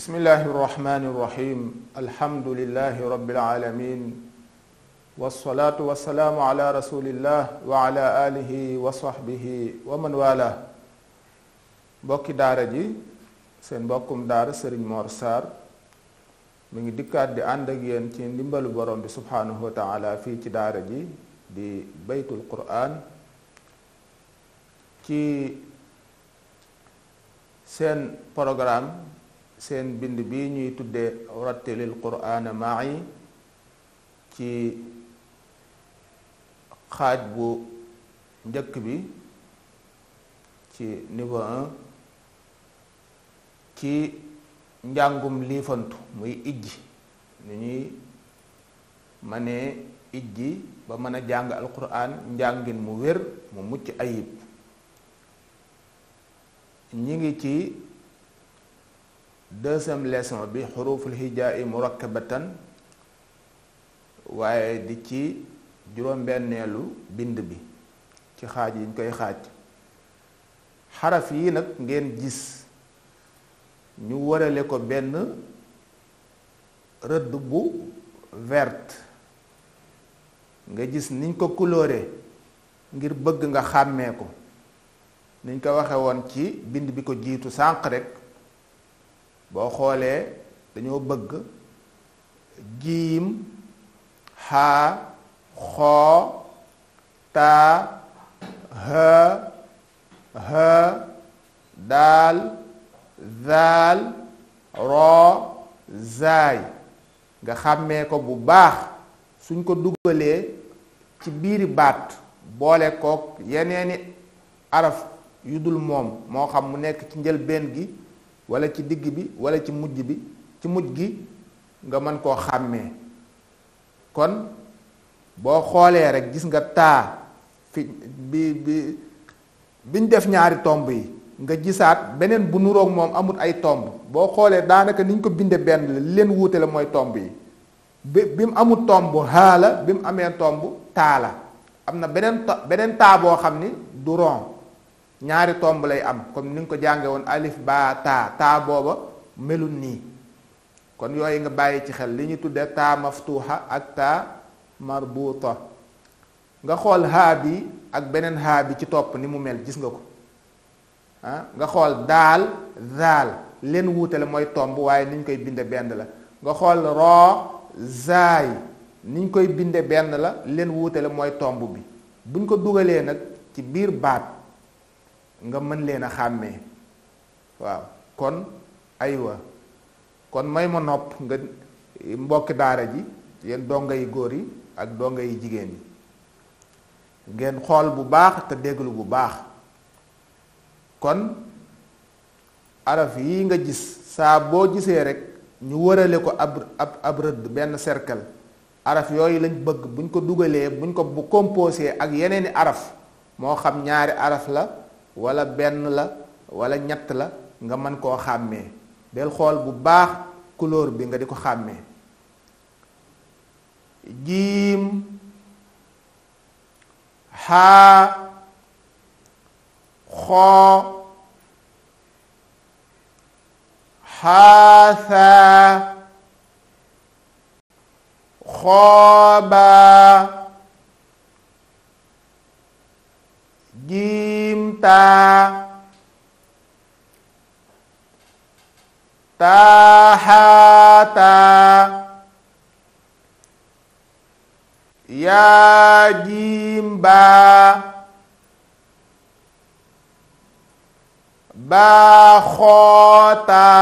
بسم الله الرحمن الرحيم الحمد لله رب العالمين والصلاة والسلام على رسول الله وعلى آله وصحبه ومن والاه بوكي دارة جي سين بوكم دار سرين مورسار من دكات دي أندقين تين دمبل بروم سبحانه وتعالى في دارة جي دي بيت القرآن كي سين بروغرام seen bind bi ñuy tuddee rattilil quraana ma'i ci xaaj bu njëkk bi ci niveau ci njàngum liifantu muy ijji ni ñuy mënee ijji ba mën a jàng alquran njàngin mu wér mu mucc ayib ñi ngi ci deuxième leçon bi xuruful hijaa i murakkabatan waaye di ci juróom-benneelu bind bi ci xaaj yi ñu koy xaaj xaraf yi nag ngeen gis ñu warale ko benn rëdd bu verte nga gis niñ ko coloré ngir bëgg nga xàmmee ko niñ ko waxe woon ci bind bi ko jiitu sànq rek boo xoolee dañoo bëgg jiim xaa xoo taa haa daal zaal roo zaay nga xàmmee ko bu baax suñ ko dugalee ci biiri baat boole kook yeneeni araf yu dul moom moo xam mu nekk ci njëlbeen gi wala ci digg bi wala ci mujj bi ci mujj gi nga mën koo xàmmee kon boo xoolee rek gis nga taa fi bi bi biñ def ñaari tomb yi nga gisaat beneen bu nurook moom amut ay tomb boo xoolee daanaka niñ ko bindee benn la leen wuute la mooy tomb yi bi bi mu amut tomb haa la bi mu amee tomb taa la am na beneen beneen taa boo xam ni du rond ñaari tomb lay am comme ni nga ko jànge woon alif baa taa taa booba melul nii kon yooyu nga bàyyi ci xel li ñu tuddee taa maftuuxa ak taa marbuuta nga xool haa bi ak beneen haa bi ci topp ni mu mel gis nga ko nga xool daal zaal leen wuutale mooy tomb waaye ni ñu koy bindee benn la nga xool roo zaay ni ñu koy bindee benn la leen wuutale mooy tomb bi buñ ko dugalee nag ci biir baat nga mën leen a xàmmee waaw kon aywa kon may ma nopp nga mbokki daara ji yéen donga yi góor yi ak donga yi jigéen yi ngeen xool bu baax te déglu bu baax kon araf yi nga gis saa boo gisee rek ñu wërale ko ab ab ab rëdd benn cercle araf yooyu lañ bëgg buñ ko dugalee buñ ko bu composé ak yeneeni araf moo xam ñaari araf la walla benn la wala ñett la nga mën koo xàmmee del xool bu baax couleur bi nga di ko xàmmee jiim xaa xoo xaasaa xoobaa ta tahata ya jimba bakhota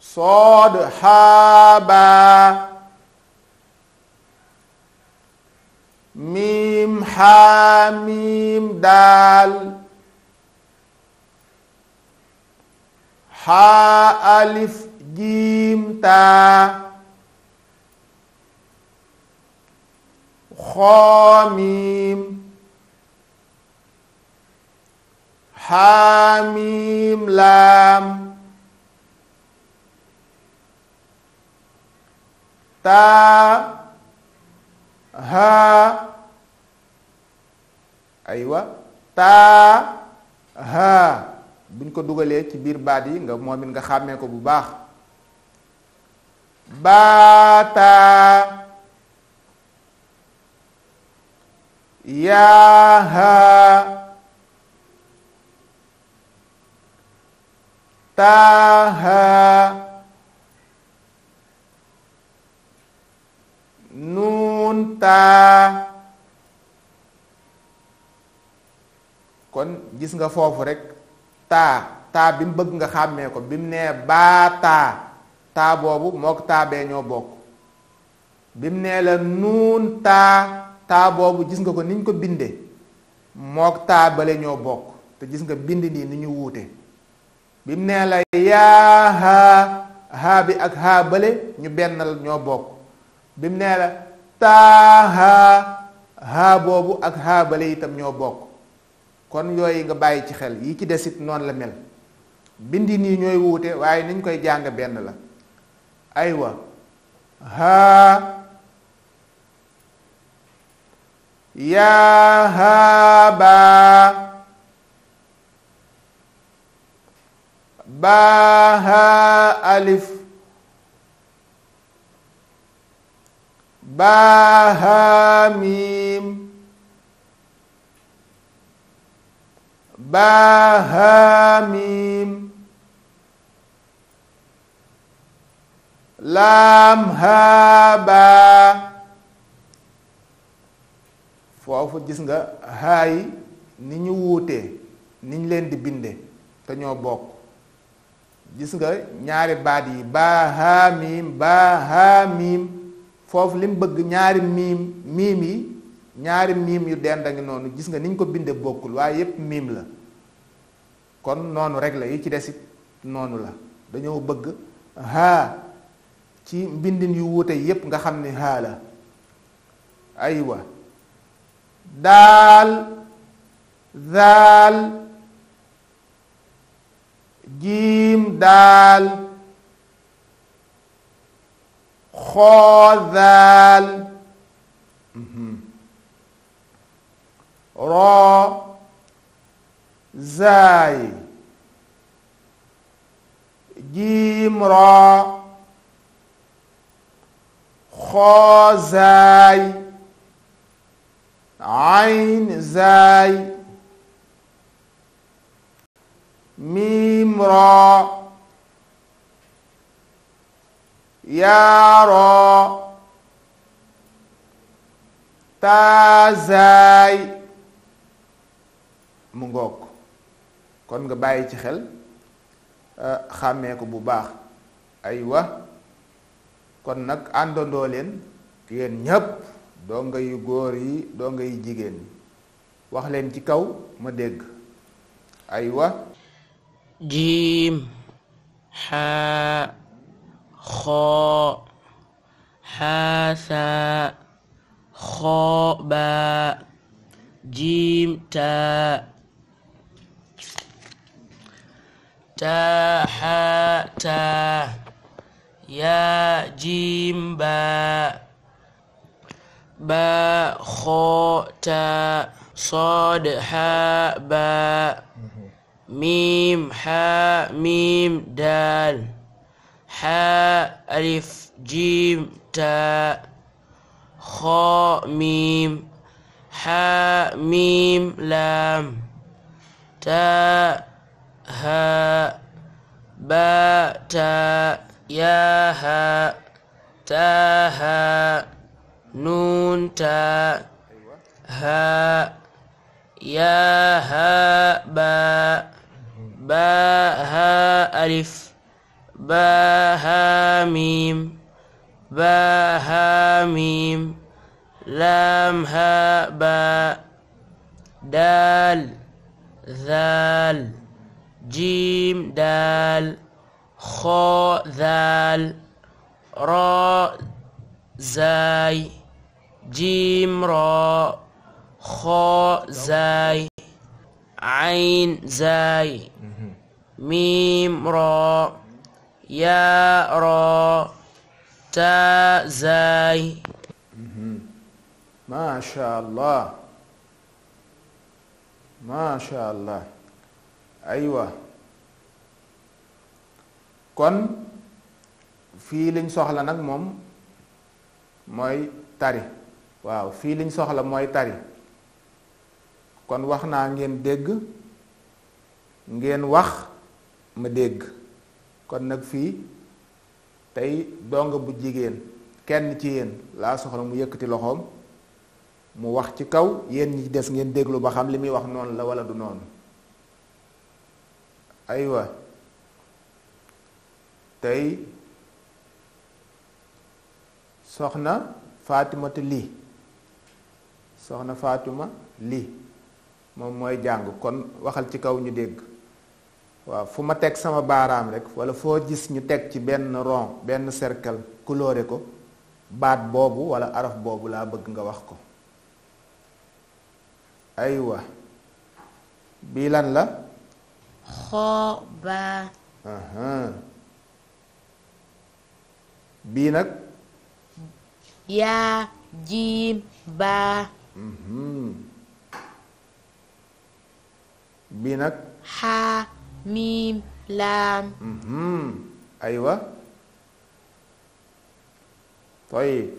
sodhaba miim xaa daal xaa alif jiim taa xoo miim laam taa haa aywa taa haa buñ ko dugalee ci biir baat yi nga moom nga xàmmee ko bu baax baataa yaahaa taahaa anta kon gis nga foofu rek taa taa bi mu bëgg nga xàmmee ko bi mu nee baa taa taa boobu mook taa bee ñoo bokk bi mu nee la nuun taa taa boobu gis nga ko niñ ko bindee mook taa bale ñoo bokk te gis nga bind nii ni ñu wuute bi mu nee la yaa haa haa bi ak haa bale ñu bennal ñoo bokk bi mu nee la taahaa haa boobu ak haa bale itam ñoo bokk kon yooyu nga bàyyi ci xel yi ci desit noon la mel bindi nii ñooy wuute waaye niñ koy jàng benn la aywa haa yaa haa baa baa haa alif bahamim bahamim laam haaba foofu gis nga haayi ni ñu wuutee ni leen di binde te ñoo bokk gis nga ñaari baat yi bahamim bahamim foofu lim bëgg ñaari miim miim yi ñaari miim yu dend a ngi noonu gis nga niñ ko bindee bokkul waaye yépp miim la kon noonu rek la yi ci desit noonu la dañoo bëgg haa ci mbindin yu wuute yépp nga xam ni haa la aywa daal daal jiim daal خذال را زاي جيم را خازاي عين زاي ميم را yaaroo taasaay mu ngoog kon nga bàyyi ci xel euh, xàmmee ko bu baax ay aywa kon nag àndandoo leen yéen ñépp donga yu góor yi donga yu jigéen waxleen ci kaw ma dégg aywa jiim xaa kho hasa khoba jim ta ta ha ta ya jim ba ba kho ta صاد ha ba mhm. mim ha mim dal ألف جيم تاء خاء ميم حاء ميم لام تاء هاء باء تاء يا هاء تاء هاء نون تاء هاء يا هاء باء باء هاء ألف باها ميم باها ميم لام ها باء دال ذال جيم دال خاء ذال راء زاي جيم راء خاء زاي عين زاي ميم راء يا را تا زاي ما شاء الله ما شاء الله ايوه كن فيلين لين سوخلا ماي تاري واو فيلين لين ماي موي تاري كون واخنا نين دغ نين واخ ما دغ kon nag fii tey dongo bu jigéen kenn ci yéen laa soxla mu yëkkati loxoom mu wax ci kaw yéen ñi des ngeen déglu ba xam li muy wax noonu la walla du noonu aywa tey soxna Fatimatu lii soxna faatuma lii moom mooy jàng kon waxal ci kaw ñu dégg waaw fu ma teg sama baaraam rekk wala foo gis ñu teg ci benn rond benn serkal coloré ko baat boobu wala araf boobu laa bëgg nga wax ko aywa bii lan la xoo baa bii nag yaa jiim baa mhm. bii nag xaa ميم لام مم. أيوة طيب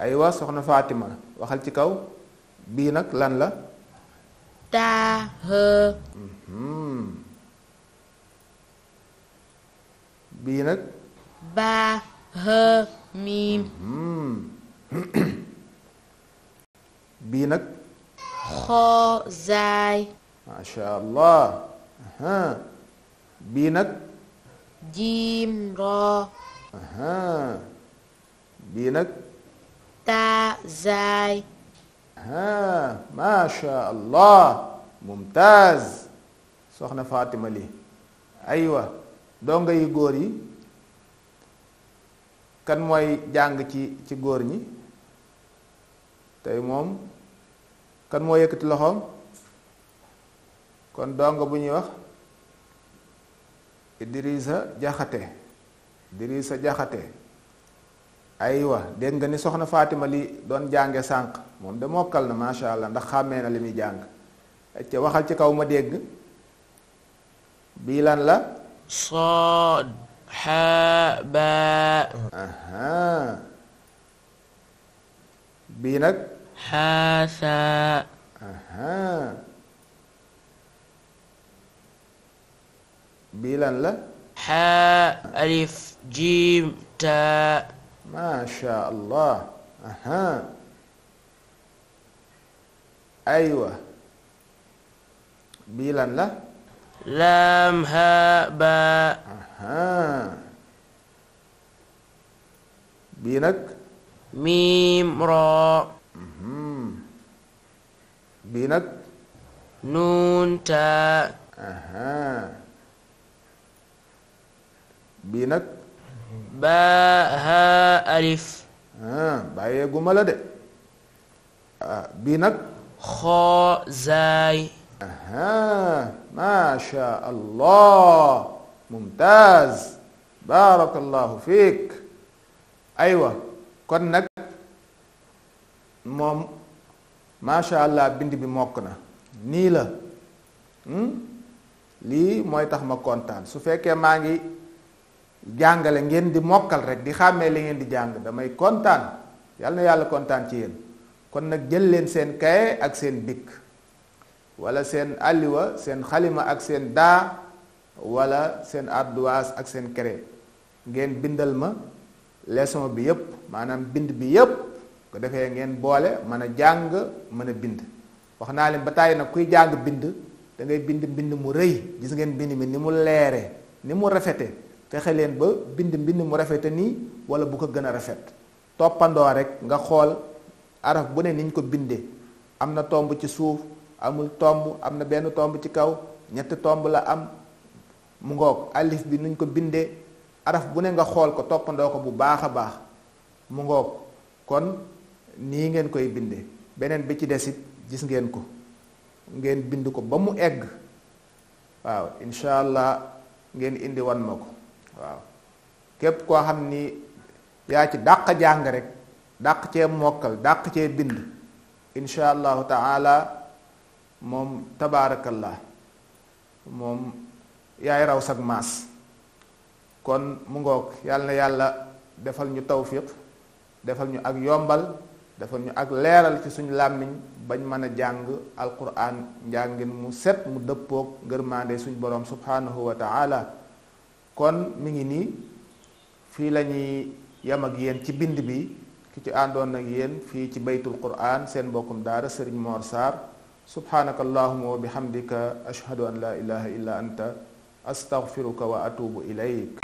أيوة سخنا فاطمة كاو بي بينك لان لا تا ه بينك با ه ميم بينك خو زاي ما شاء الله bii nag jiim raa bii nag taa zaay maasha allah mumtaaz soxna Fatima li aywa donga yi góor yi kan mooy jàng ci ci góor ñi tey moom kan moo yëkkati loxoom kon dongo bu ñuy wax Idrissa Jaxate Idrissa Jaxate aywa dégg nga ni soxna Fatima li doon jànge sànq moom de mokkal na macha allah ndax xàmmee na li muy jàng ca waxal ci kaw ma dégg bii lan la saad bii nag xaasaa بيلان لا ح ألف جيم تاء ما شاء الله أها أيوة بيلان لا لام ها با أها بينك ميم را بينك نون تاء أها بينك با ها الف آه باي جمله ده آه بينك خو زاي اها ما شاء الله ممتاز بارك الله فيك ايوا كنك مم ما شاء الله بنت بموكنا نيلا لي موي تخ ما كونتان سو فكه ماغي jàngale ngeen di mokkal rek di xàmmee li ngeen di jàng damay kontaan yàlla na yàlla kontaan ci yéen kon nag jël leen seen kaye ak seen bikk wala seen alliwa seen xalima ak seen daa wala seen ardoise ak seen craie ngeen bindal ma leson bi yépp maanaam bind bi yépp ko defee ngeen boole mën a jàng mën a bind wax naa leen ba tàyyi nag kuy jàng bind dangay ngay bind mbind mu rëy gis ngeen bind mi ni mu leere ni mu rafete fexe leen ba bind mbind mu rafete nii wala bu ko gën a rafet toppandoo rek nga xool araf bu ne niñ ko bindee am na ci suuf amul tomb amna na benn tomb ci kaw ñetti tomb la am mu alif bi nuñ ko bindee araf bu ne nga xool ko toppandoo ko bu baax a baax mu ngoog kon nii ngeen koy bindee beneen bi ci desit gis ngeen ko ngeen bind ko ba mu egg waaw incha allah ngeen indi wan ma waaw képp koo xam ni yaa ci dàq jàng rek dàq cee mokkal dàq cee bind insha allahu taala moom tabaarakallah moom yaay raw sag maas kon mu ngoog yàlla yàlla defal ñu tawfiq defal ñu ak yombal defal ñu ak leeral ci suñ làmmiñ bañ mën a jàng alquran njàngin mu set mu dëppoog ngërmaande suñu boroom subhanahu wa kon mi ngi nii fii lañuy ñuy yem yéen ci bind bi ki ci àndoon ak yéen fii ci baytul quraan seen mbokkum daara sëriñ Mor Sarr subhaanaka allahuma wa bihamdika ashhadu an laa ilaha illa anta astaghfiruka wa atubu ilayk